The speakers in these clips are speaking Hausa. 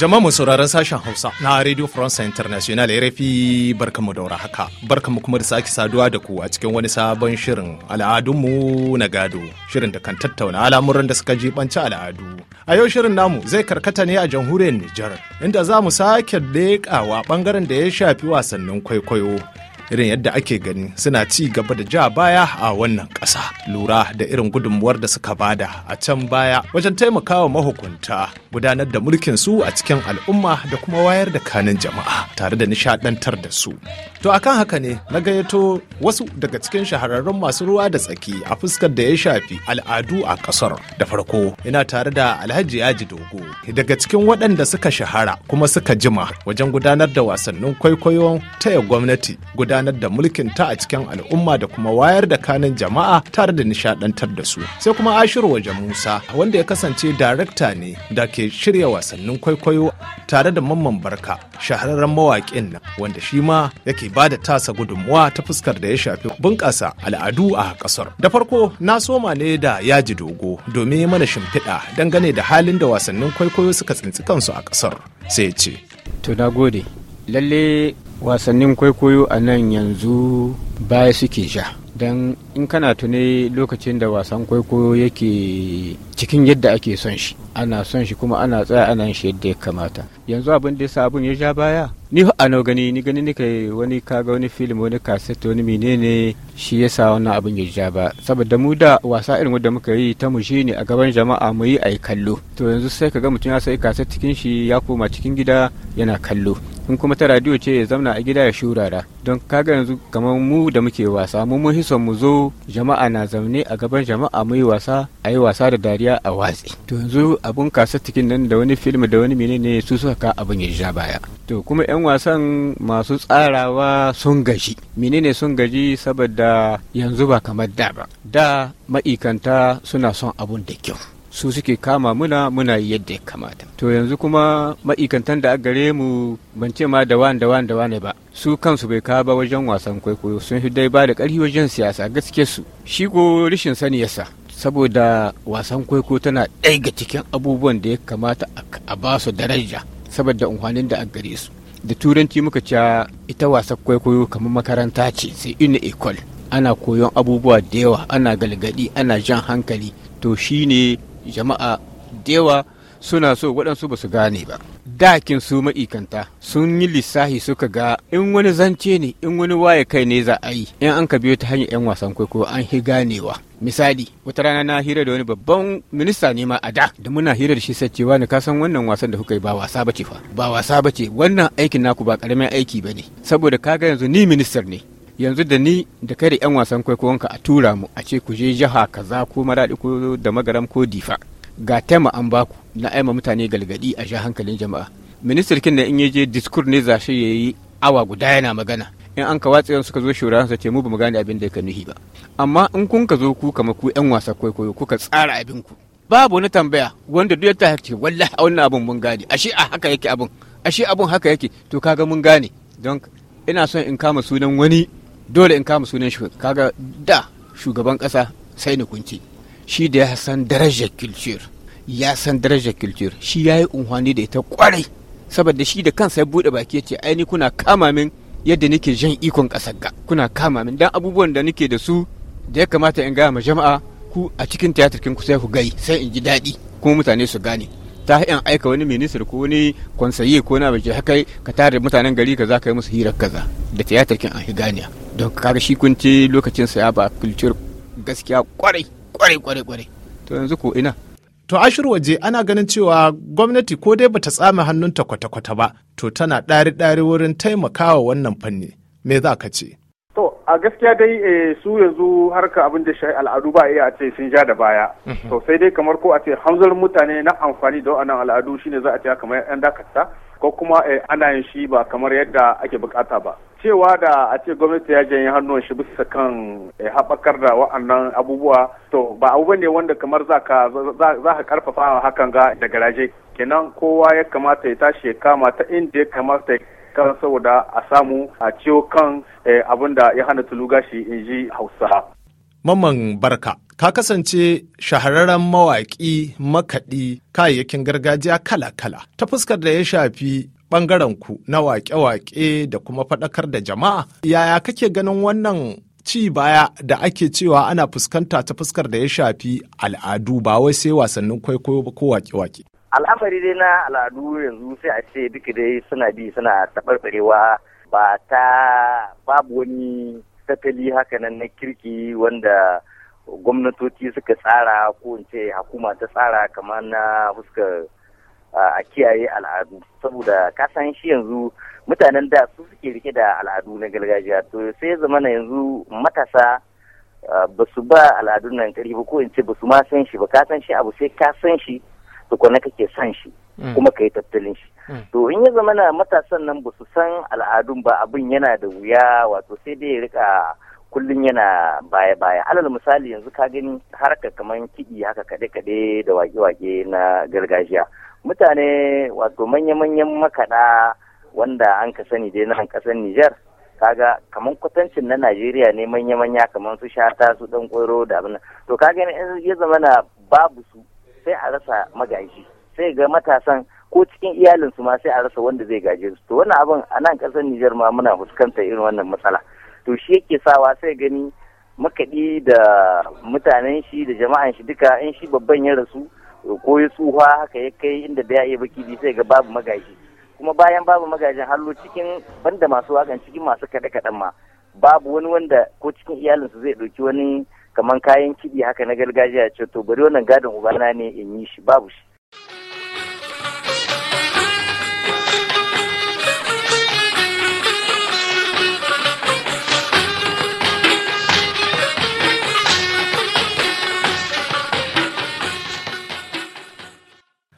Jama'a mu sauraron sashen Hausa na Radio France International RFI barkamu daura haka. Barkamu kuma da sake saduwa da ku a cikin wani sabon shirin al'adunmu na gado. Shirin da kan tattauna al'amuran da suka jibanci al'adu. A yau shirin namu zai karkata ne a jamhuriyar Nijar, inda za mu sake leƙawa ɓangaren da ya shafi wasannin kwaikwayo. irin yadda ake gani suna ci gaba da ja baya a wannan ƙasa lura da irin gudunmuwar da suka bada a can baya wajen taimakawa mahukunta gudanar da mulkin su a cikin al'umma da kuma wayar da kanin jama'a tare da nishadantar da su to akan haka ne na gayyato wasu daga cikin shahararrun masu ruwa da tsaki a fuskar da ya shafi al'adu a ƙasar da farko ina tare da alhaji yaji dogo daga cikin waɗanda suka shahara kuma suka jima wajen gudanar da wasannin kwaikwayon taya gwamnati gudanar gudanar da mulkin ta a cikin al'umma da kuma wayar da kanin jama'a tare da nishadantar da su sai kuma ashiru waje musa wanda ya kasance darakta ne da ke shirya wasannin kwaikwayo tare da mamman barka shahararren mawaƙin nan wanda shi ma yake ba da tasa gudunmuwa ta fuskar da ya shafi bunƙasa al'adu a ƙasar da farko na soma ne da yaji dogo domin ya mana shimfiɗa dangane da halin da wasannin kwaikwayo suka tsinci kansu a ƙasar sai ce to na gode lalle wasannin kwaikwayo a nan yanzu baya suke sha don in kana tuni lokacin da wasan kwaikwayo yake cikin yadda ake son shi ana son shi kuma ana tsaya ana shi yadda ya kamata yanzu abin da yasa abin ya sha baya ni a nau gani ni gani nika wani kaga wani film wani kaset wani menene shi yasa wannan abin ya sha ba saboda mu da wasa irin wanda muka yi ta mu shi ne a gaban jama'a mu yi ai kallo to yanzu sai kaga mutum ya sai kaset cikin shi ya koma cikin gida yana kallo in kuma ta radio ce ya zamna a gida ya shurara don kaga yanzu kamar mu da muke wasa mu mun hison mu zo jama'a na zaune a gaban jama'a mu yi wasa a yi wasa da dariya a watsi to yanzu abun kasa tikin nan da wani film da wani menene su suka ka abin ya ja baya to kuma yan wasan masu tsarawa sun gaji menene sun gaji saboda yanzu ba kamar da ba da ma'ikanta suna son abun da kyau su suke kama muna muna yi yadda ya kamata to yanzu kuma ma'ikantan da aka gare mu ban ce ma da wani da wani da wani ba su kansu bai kawo ba wajen wasan kwaikwayo sun fi dai ba da ƙarfi wajen siyasa gaske su shi ko rashin sani sa saboda wasan kwaikwayo tana ɗaya ga cikin abubuwan da ya kamata a ba su daraja saboda unhwanin da aka gare su da turanci muka cewa ita wasan kwaikwayo kamar makaranta ce sai ina ekol ana koyon abubuwa da yawa ana galgadi ana jan hankali to shine jama'a dewa suna so waɗansu ba su gane ba dakin su ma'ikanta sun yi lissahi suka ga in wani zance ne in wani waye kai ne za a yi in an ka biyo ta hanyar 'yan wasan kwaikwayo an hi ganewa misali wata rana na hira da wani babban minista ne ma a da da muna hira da shi sai cewa ne kasan wannan wasan da kuka yi ba wasa bace fa ba wasa bace wannan aikin naku ba karamin aiki bane saboda kaga yanzu ni ministar ne yanzu da ni da kai da yan wasan kwaikwayonka a tura mu a ce ku je jiha kaza ko maradi ko da magaram ko difa ga tema an baku na aima mutane galgadi a sha hankalin jama'a ministirkin da in ya je diskur ne za shi ya yi awa guda yana magana in an ka watse suka zo shura su ce mu bamu gane abin da ka nuhi ba amma in kun ka zo ku kama ku yan wasa kwaikwayo kuka tsara abin ku babu wani tambaya wanda duk ya ta ce wallahi a wannan abun mun gane ashe a haka yake abin ashe abun haka yake to kaga mun gane don ina son in kama sunan wani dole in kama sunan shi kaga da shugaban kasa sai ni kunci shi da ya san darajar culture ya san darajar culture shi ya yi unhwani da ita kwarai saboda shi da kansa ya buɗe baki ya ce aini kuna kama min yadda nake jan ikon kasar ga kuna kama min dan abubuwan da nake da su da ya kamata in gaya ma jama'a ku a cikin tiyatar ku sai ku gai sai in ji daɗi kuma mutane su gane ta yan aika wani minister ko wani konsayi ko na bace haka ka tare mutanen gari kaza kai musu hirar kaza da tiyatar kin an higaniya don kaga shi kun ce lokacin sa ya ba culture gaskiya kwarai kwarai kwarai kwarai to yanzu ko ina to ashir waje ana ganin cewa gwamnati ko dai bata tsame hannunta kwata-kwata ba to tana ɗari-ɗari wurin taimakawa wannan fanni me za ka ce a gaskiya dai eh, su yanzu harka abin da al'adu ba iya ce sun ja da baya mhm. to sai dai kamar ko a ce hanzar mutane na amfani da wannan al'adu shine za a ce kamar yan dakata ko kuma eh, ana yin shi ba kamar yadda ake bukata ba cewa da a ce gwamnati ya janye hannun shi bisa kan eh, haɓakar da wa'annan abubuwa to ba abu ne wanda kamar za ka karfafa hakan ga da garaje kenan kowa ya kamata ya tashi ya kama ta inda ya kamata kan saboda a samu a ciwo kan eh, abin da ya hana tulu gashi in ji hausa. Maman barka, ka kasance shahararren mawaƙi makaɗi kayayyakin gargajiya kala-kala ta fuskar da ya shafi ku na waƙe-waƙe da kuma faɗakar da jama'a. Yaya kake ganin wannan ci baya da ake cewa ana fuskanta ta fuskar da ya shafi al'adu ba wai sai wasannin kwaikwayo ko waƙe-waƙe? al'amari dai na al'adu yanzu sai a ce duka dai suna bi suna taɓarɓarewa ba ta babu wani tattali nan na kirki wanda gwamnatoci suka tsara ko in ce hakuma ta tsara kamar na fuskar a kiyaye al'adu saboda ka san shi yanzu mutanen da su suke rike da al'adu na gargajiya to sai zama na yanzu matasa ba su ba al'adun nan kari ba ko in ce ba su ma san shi ba ka san shi abu sai ka san shi tukuna kake son shi mm. kuma ka yi tattalin shi mm. to in ya zama na matasan nan ba su san al'adun ba abin yana da wuya wato sai dai ya rika kullum yana baya-baya alal misali yanzu ka gani harka kamar kiɗi haka kaɗe-kaɗe da wake-wake na gargajiya mutane wato manya-manyan makaɗa wanda an ka sani dai nan ƙasar Nijar kaga kamar kwatancin na Najeriya ne manya-manya kamar su shata su dan da abin to kaga ya zama na babu su sai a rasa magaji sai ga matasan ko cikin iyalinsu ma sai a rasa wanda zai gaje su to wannan abin a nan kasar Nijar ma muna fuskantar irin wannan matsala to shi yake sawa sai gani makaɗi da mutanen shi da jama'an shi duka in shi babban ya rasu ko ya tsuha haka ya kai inda da ya iya baki bi sai ga babu magaji kuma bayan babu magajin hallo cikin banda masu wakan cikin masu kaɗe-kaɗen ma babu wani wanda ko cikin iyalinsu zai ɗauki wani kamar kayan kiɗi haka na gargajiya ce to bari wannan gadon ubana ne in yi shi babu shi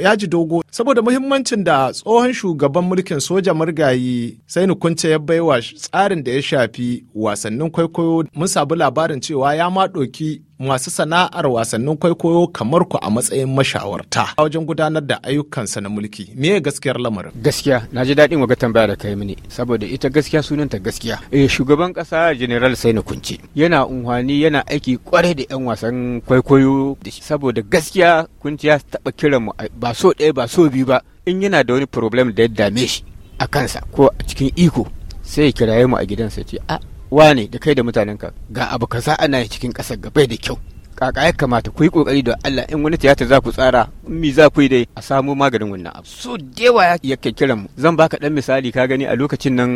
ya ji dogo saboda muhimmancin da tsohon shugaban mulkin soja murgayi sai kunce ya baiwa tsarin da ya shafi wasannin kwaikwayo mun sabu labarin cewa ya ma ɗoki masu sana'ar wasannin kwaikwayo kamar ku a matsayin mashawarta a wajen gudanar da ayyukansa na mulki me gaskiyar lamarin gaskiya na ji daɗin waga tambaya da kai mini saboda ita gaskiya sunanta gaskiya eh shugaban ƙasa general sai na kunce yana unhwani yana aiki kwarai da yan wasan kwaikwayo saboda gaskiya ya taɓa kiran mu ba so ɗaya ba so biyu ba in yana da wani problem da ya dame shi a kansa ko a cikin iko sai ya kiraye mu a gidansa ce a ah, wane da kai da mutanenka ga abu kaza ana cikin ƙasar bai da kyau kaka ya kamata ku yi kokari da Allah in wani tiyatar za ku tsara mi za ku yi dai a samo maganin wannan abu so yawa ya kankiran mu zan baka dan misali ka gani a lokacin nan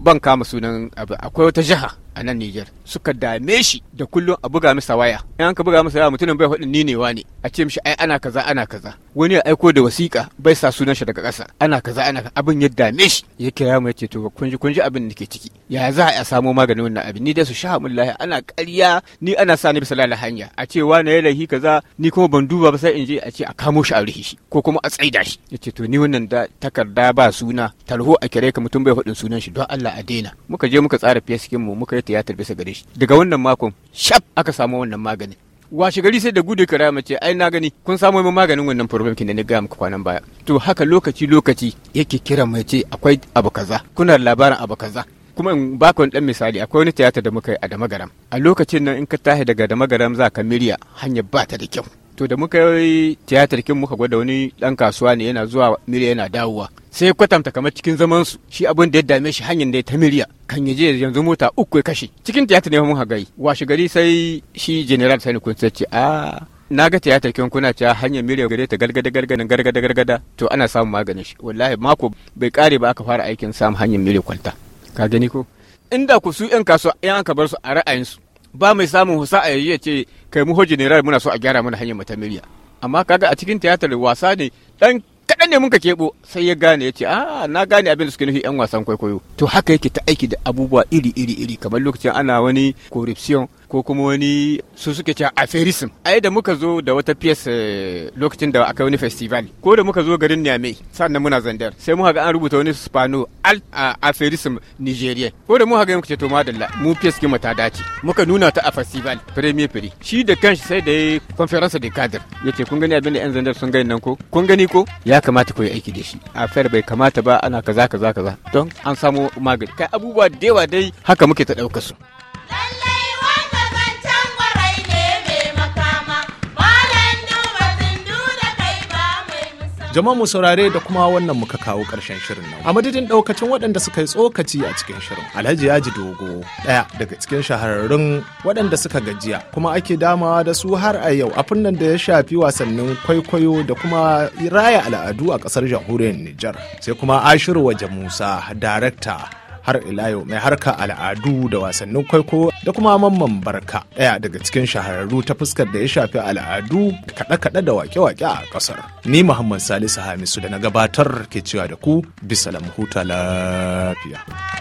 ban kama sunan abu akwai wata jiha a nan Nijar suka dame shi da kullum a buga masa waya in an ka buga masa waya mutumin bai faɗin ni ne ne a ce mishi ai ana kaza ana kaza wani ya aiko da wasiƙa bai sa sunan shi daga ƙasa ana kaza ana abin ya dame shi ya kira mu yace to kun ji kun ji abin da ke ciki ya za a samo maganin wannan abin ni dai su sha lahi ana ƙarya ni ana sa ni bisa hanya a ce wani ya laihi kaza ni kuma ban duba ba sai in je a ce a kamo shi a rihi shi ko kuma a tsaida shi yace to ni wannan da takarda ba suna talho a kira ka mutum bai faɗin sunan shi don Allah a daina muka je muka tsara fiye mu muka yi tiyatar bisa gare shi daga wannan makon shaf aka samu wannan magani washe gari sai da ka kira mace ai na gani kun samo mai maganin wannan problem kin da ni ga muku kwanan baya to haka lokaci lokaci yake kira ce akwai abu kaza kuna labarin abu kaza kuma in baka dan misali akwai wani tiyata da muka yi a Damagaram a lokacin nan in ka tashi daga Damagaram za ka Miriya hanyar ba ta da kyau to da muka yi tiyatar kin muka gwada wani dan kasuwa ne yana zuwa Miriya yana dawowa sai kwatanta kamar cikin zaman su shi abin da ya dame shi hanyar da ya tamiriya kan yaje yanzu mota uku ya kashe cikin tiyata ne mun hagai washe gari sai shi general sani kun sace a na ga tiyata kin kuna ta hanyar miliyan gare ta gargada gargada gargada gargada to ana samun maganin shi wallahi mako bai kare ba aka fara aikin samu hanyar miliyan kwalta ka gani ko inda ku su yan kasuwa yan aka bar su a ra'ayinsu ba mai samun husa a yayi ce kai mu hoji general muna so a gyara mana hanyar mata miliya amma kaga a cikin tiyatar wasa ne dan kaɗan ne mun ka keɓo sai ya gane ya ce a ah, na gane abin da suke nufi 'yan wasan kwaikwayo to haka yake ta aiki da abubuwa iri iri iri kamar lokacin ana wani corruption ko kuma wani su suke cewa aferism ai da muka zo da wata pièce eh, lokacin da aka wani festival ko da muka zo garin Niamey sannan muna zandar sai mu ga an rubuta wani spano al aferism Nigeria ko da muka ga muka ce to madalla mu pièce kin ta dace muka nuna ta a festival premier prix shi da kanshi sai da conference de cadre yace kun gani abin da yan zandar sun gani nan ko kun gani ko ya kamata ku yi aiki da shi afer bai kamata ba ana kaza kaza kaza don an samu magani kai abubuwa da yawa dai haka muke ta ɗauka su jama'a mu saurare da kuma wannan muka kawo ƙarshen shirin nan a madadin ɗaukacin waɗanda suka yi tsokaci a cikin shirin alhaji yaji dogo ɗaya daga cikin shahararrun waɗanda suka gajiya kuma ake damawa da su har a yau a fannin da ya shafi wasannin kwaikwayo da kuma raya al'adu a ƙasar jamhuriyar nijar sai kuma ashiru waje musa darakta har ila yau mai harka al'adu da wasannin kwaiko da kuma mamman barka ɗaya daga cikin shahararru ta fuskar da ya shafi al'adu kaɗe-kaɗe da waƙe-waƙe a ƙasar ni muhammad salisu hamisu da na gabatar ke cewa da ku bisa lamhuta lafiya.